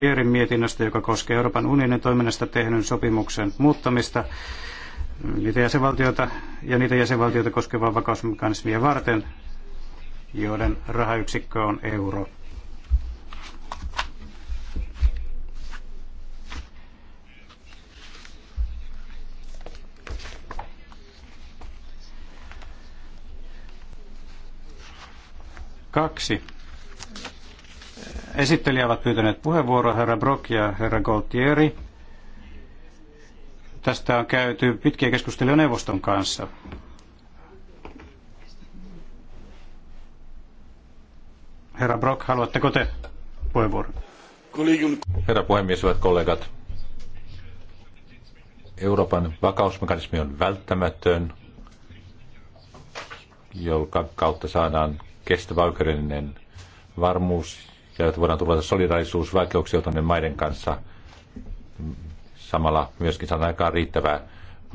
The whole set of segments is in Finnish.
Pierin mietinnöstä, joka koskee Euroopan unionin toiminnasta tehdyn sopimuksen muuttamista niitä jäsenvaltioita ja niitä jäsenvaltioita koskevaa vakausmekanismia varten, joiden rahayksikkö on euro. Kaksi esittelijä ovat pyytäneet puheenvuoroa, herra Brock ja herra Gaultieri. Tästä on käyty pitkiä keskusteluja neuvoston kanssa. Herra Brock, haluatteko te puheenvuoron? Herra puhemies, hyvät kollegat. Euroopan vakausmekanismi on välttämätön, jonka kautta saadaan kestävä oikeudellinen varmuus ja että voidaan tulla solidaarisuusvaikeuksia maiden kanssa. Samalla myöskin saadaan aikaan riittävää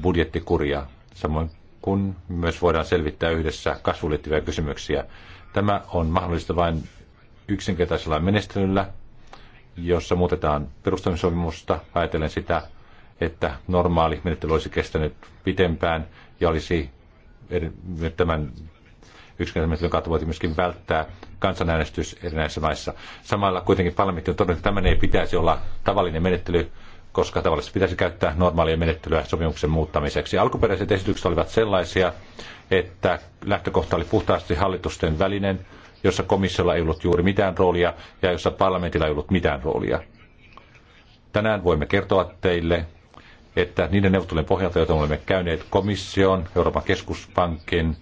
budjettikuria, samoin kun myös voidaan selvittää yhdessä kasvuun liittyviä kysymyksiä. Tämä on mahdollista vain yksinkertaisella menestelyllä, jossa muutetaan perustamissopimusta ajatellen sitä, että normaali menettely olisi kestänyt pitempään ja olisi tämän yksinkertaisesti kautta voitiin myöskin välttää kansanäänestys erinäisissä maissa. Samalla kuitenkin parlamentti on todennut, että tämmöinen ei pitäisi olla tavallinen menettely, koska tavallisesti pitäisi käyttää normaalia menettelyä sopimuksen muuttamiseksi. Alkuperäiset esitykset olivat sellaisia, että lähtökohta oli puhtaasti hallitusten välinen, jossa komissiolla ei ollut juuri mitään roolia ja jossa parlamentilla ei ollut mitään roolia. Tänään voimme kertoa teille, että niiden neuvottelujen pohjalta, joita olemme käyneet komission, Euroopan keskuspankin,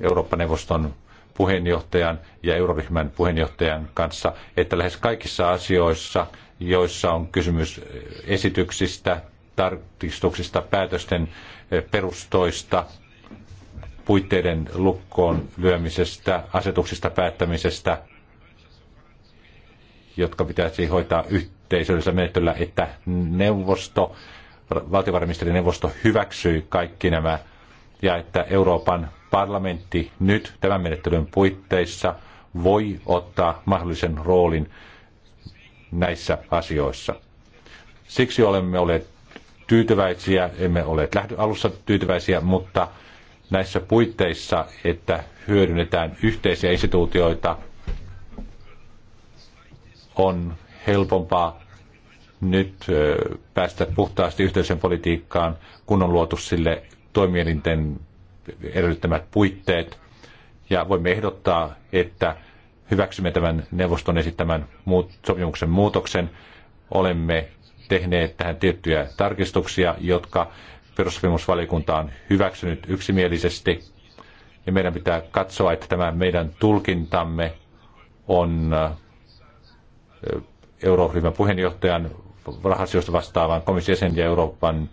Eurooppa-neuvoston puheenjohtajan ja euroryhmän puheenjohtajan kanssa, että lähes kaikissa asioissa, joissa on kysymys eh, esityksistä, tarkistuksista, päätösten eh, perustoista, puitteiden lukkoon lyömisestä, asetuksista päättämisestä, jotka pitäisi hoitaa yhteisöllisellä menettelyllä, että neuvosto, valtiovarainministerineuvosto hyväksyi kaikki nämä ja että Euroopan parlamentti nyt tämän menettelyn puitteissa voi ottaa mahdollisen roolin näissä asioissa. Siksi olemme olleet tyytyväisiä, emme ole alussa tyytyväisiä, mutta näissä puitteissa, että hyödynnetään yhteisiä instituutioita, on helpompaa nyt päästä puhtaasti yhteisen politiikkaan, kun on luotu sille toimielinten edellyttämät puitteet. Ja voimme ehdottaa, että hyväksymme tämän neuvoston esittämän muut, sopimuksen muutoksen. Olemme tehneet tähän tiettyjä tarkistuksia, jotka perussopimusvaliokunta on hyväksynyt yksimielisesti. Ja meidän pitää katsoa, että tämä meidän tulkintamme on Euroopan puheenjohtajan rahasioista vastaavan komission ja Euroopan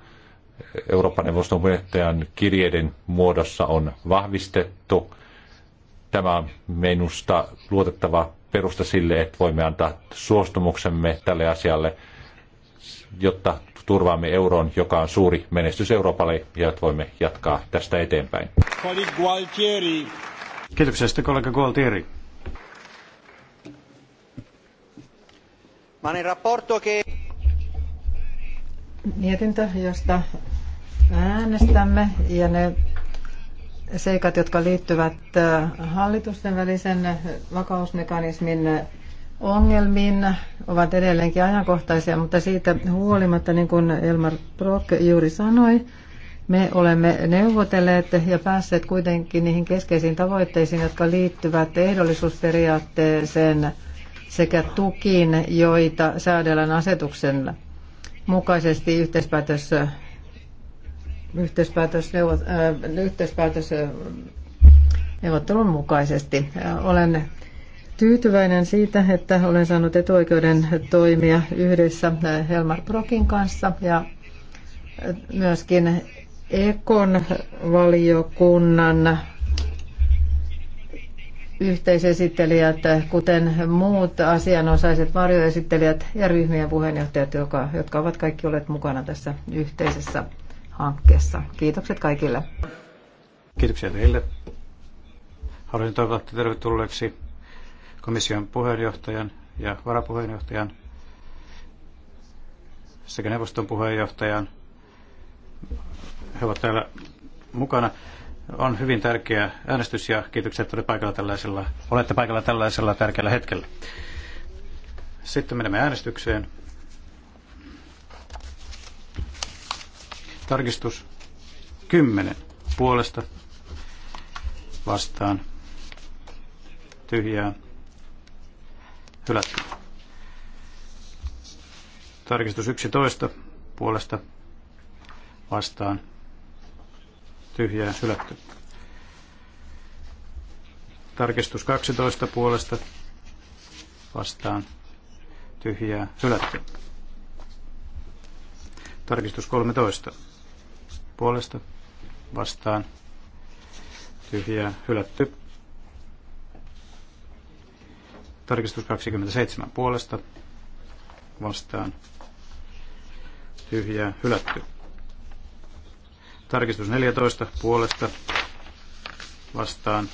Euroopan neuvoston puheenjohtajan kirjeiden muodossa on vahvistettu. Tämä on minusta luotettava perusta sille, että voimme antaa suostumuksemme tälle asialle, jotta turvaamme euron, joka on suuri menestys Euroopalle, ja että voimme jatkaa tästä eteenpäin. Kiitoksia sitten kollega Gualtieri. Mietintö, josta äänestämme ja ne seikat, jotka liittyvät äh, hallitusten välisen vakausmekanismin ongelmiin, ovat edelleenkin ajankohtaisia, mutta siitä huolimatta, niin kuin Elmar Brock juuri sanoi, me olemme neuvotelleet ja päässeet kuitenkin niihin keskeisiin tavoitteisiin, jotka liittyvät ehdollisuusperiaatteeseen sekä tukiin, joita säädellään asetuksen mukaisesti yhteispäätössä yhteispäätös, äh, yhteispäätös neuvottelun mukaisesti. Äh, olen tyytyväinen siitä, että olen saanut etuoikeuden toimia yhdessä äh, Helmar Prokin kanssa ja myöskin Ekon valiokunnan yhteisesittelijät, kuten muut asianosaiset varjoesittelijät ja ryhmien puheenjohtajat, jotka ovat kaikki olleet mukana tässä yhteisessä hankkeessa. Kiitokset kaikille. Kiitoksia teille. Haluaisin toivottaa tervetulleeksi komission puheenjohtajan ja varapuheenjohtajan sekä neuvoston puheenjohtajan. He ovat täällä mukana. On hyvin tärkeä äänestys ja kiitoksia, että paikalla tällaisella, olette paikalla tällaisella tärkeällä hetkellä. Sitten menemme äänestykseen. Tarkistus 10 puolesta vastaan tyhjää hylätty. Tarkistus 11 puolesta vastaan tyhjää hylätty. Tarkistus 12 puolesta vastaan tyhjää hylätty. Tarkistus 13 puolesta vastaan tyhjää hylätty. Tarkistus 27 puolesta vastaan tyhjää hylätty. Tarkistus 14 puolesta vastaan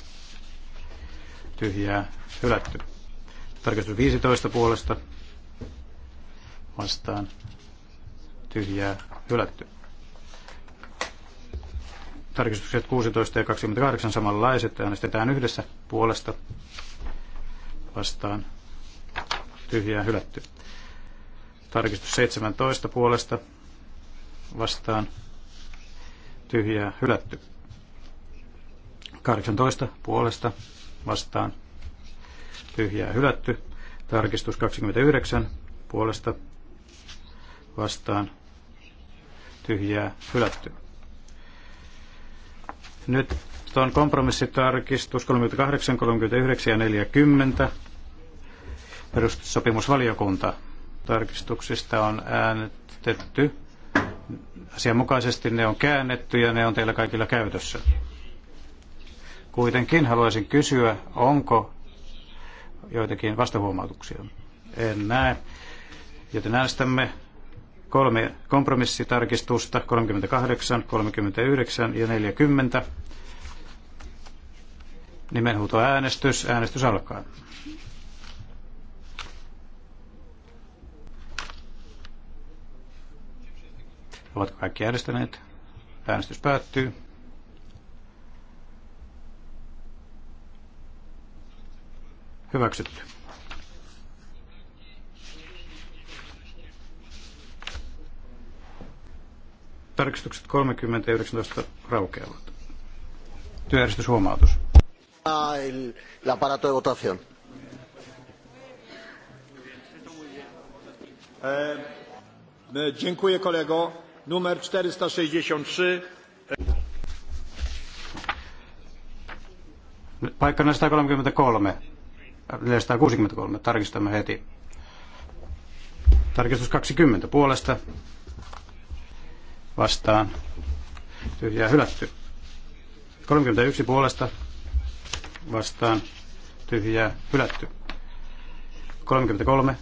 tyhjää hylätty. Tarkistus 15 puolesta vastaan tyhjää hylätty. Tarkistukset 16 ja 28 samanlaiset. Äänestetään yhdessä puolesta vastaan tyhjää hylätty. Tarkistus 17 puolesta vastaan tyhjää hylätty. 18 puolesta vastaan tyhjää hylätty. Tarkistus 29 puolesta vastaan tyhjää hylätty. Nyt on kompromissitarkistus 38, 39 ja 40 perustussopimusvaliokunta tarkistuksista on äänestetty. Asianmukaisesti ne on käännetty ja ne on teillä kaikilla käytössä. Kuitenkin haluaisin kysyä, onko joitakin vastahuomautuksia? En näe, joten äänestämme kolme kompromissitarkistusta, 38, 39 ja 40. Nimenhuuto äänestys. Äänestys alkaa. Ovatko kaikki äänestäneet? Äänestys päättyy. Hyväksytty. tarkistukset 30 ja 19 raukeavat. Työjärjestyshuomautus. El de votación. E, dziękuję kolego. Numer 463. Paikka 133. 463. Tarkistamme heti. Tarkistus 20 puolesta vastaan tyhjää hylätty. 31 puolesta vastaan tyhjää hylätty. 33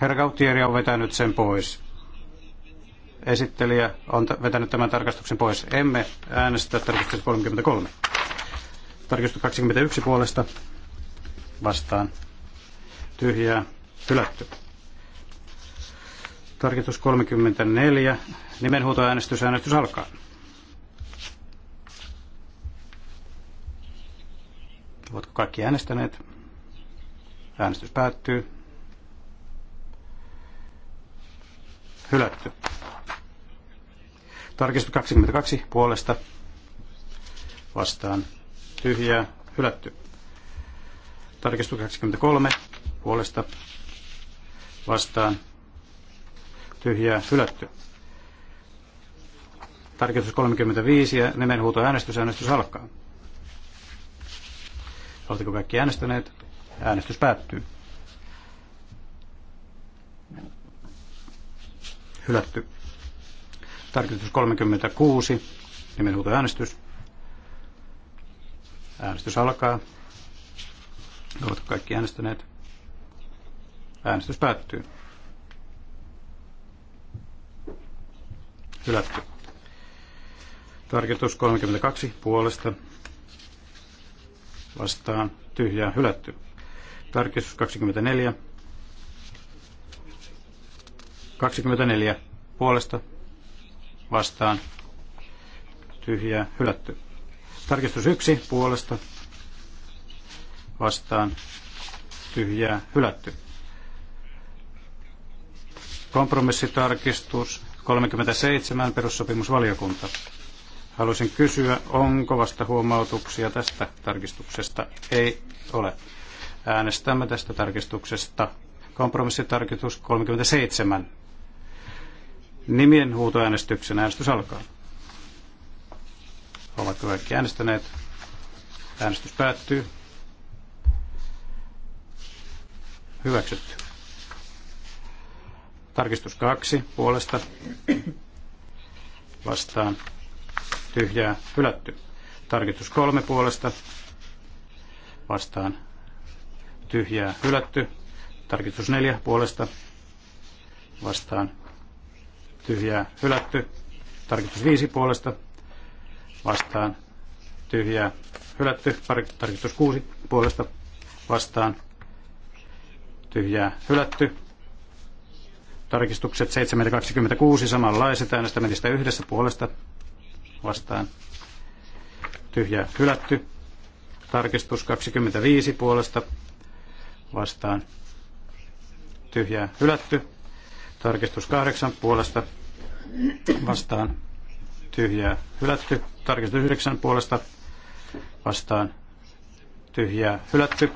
Herra Gautieri on vetänyt sen pois. Esittelijä on vetänyt tämän tarkastuksen pois. Emme äänestä tarkistus 33. Tarkistus 21 puolesta vastaan tyhjää hylätty. Tarkistus 34. Nimenhuutoäänestys. Äänestys alkaa. Ovatko kaikki äänestäneet? Äänestys päättyy. Hylätty. Tarkistus 22 puolesta vastaan tyhjää hylätty. Tarkistus 23 puolesta vastaan tyhjää hylätty. Tarkistus 35 ja nimenhuuto äänestys, äänestys alkaa. Oletteko kaikki äänestäneet? Äänestys päättyy. Hylätty. Tarkistus 36, nimenhuuto äänestys. Äänestys alkaa. Oletteko kaikki äänestäneet? Äänestys päättyy. Hylätty. Tarkoitus 32 puolesta vastaan tyhjää hylätty. Tarkistus 24. 24 puolesta vastaan tyhjää hylätty. Tarkistus 1 puolesta vastaan tyhjää hylätty. Kompromissitarkistus 37 perussopimusvaliokunta. Haluaisin kysyä, onko vasta huomautuksia tästä tarkistuksesta? Ei ole. Äänestämme tästä tarkistuksesta. Kompromissitarkistus 37. Nimien huutoäänestyksen äänestys alkaa. Ovatko kaikki äänestäneet? Äänestys päättyy. Hyväksytty. Tarkistus kaksi puolesta vastaan tyhjää hylätty. Tarkistus kolme puolesta vastaan tyhjää hylätty. Tarkistus neljä puolesta vastaan tyhjää hylätty. Tarkistus viisi puolesta vastaan tyhjää hylätty. Tarkistus kuusi puolesta vastaan tyhjää hylätty. Tarkistukset 726 samanlaiset. äänestämisestä yhdessä puolesta vastaan. Tyhjä hylätty. Tarkistus 25 puolesta vastaan. Tyhjä hylätty. Tarkistus 8 puolesta vastaan. Tyhjää hylätty. Tarkistus 9 puolesta vastaan. Tyhjää hylätty.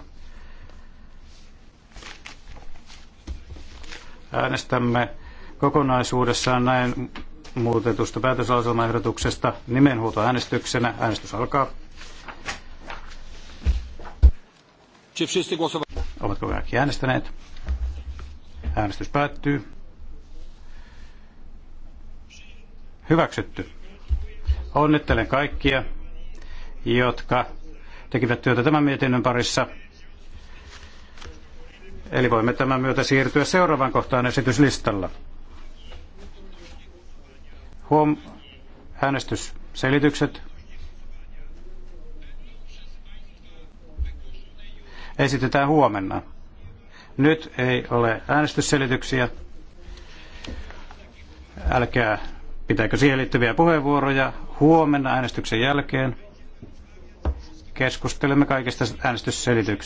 Äänestämme kokonaisuudessaan näin muutetusta päätöslauselmaehdotuksesta nimenhuutoäänestyksenä. Äänestys alkaa. Ovatko kaikki äänestäneet? Äänestys päättyy. Hyväksytty. Onnittelen kaikkia, jotka tekivät työtä tämän mietinnön parissa. Eli voimme tämän myötä siirtyä seuraavaan kohtaan esityslistalla. Huom, äänestysselitykset. Esitetään huomenna. Nyt ei ole äänestysselityksiä. Älkää pitääkö siihen liittyviä puheenvuoroja huomenna äänestyksen jälkeen. Keskustelemme kaikista äänestysselityksistä.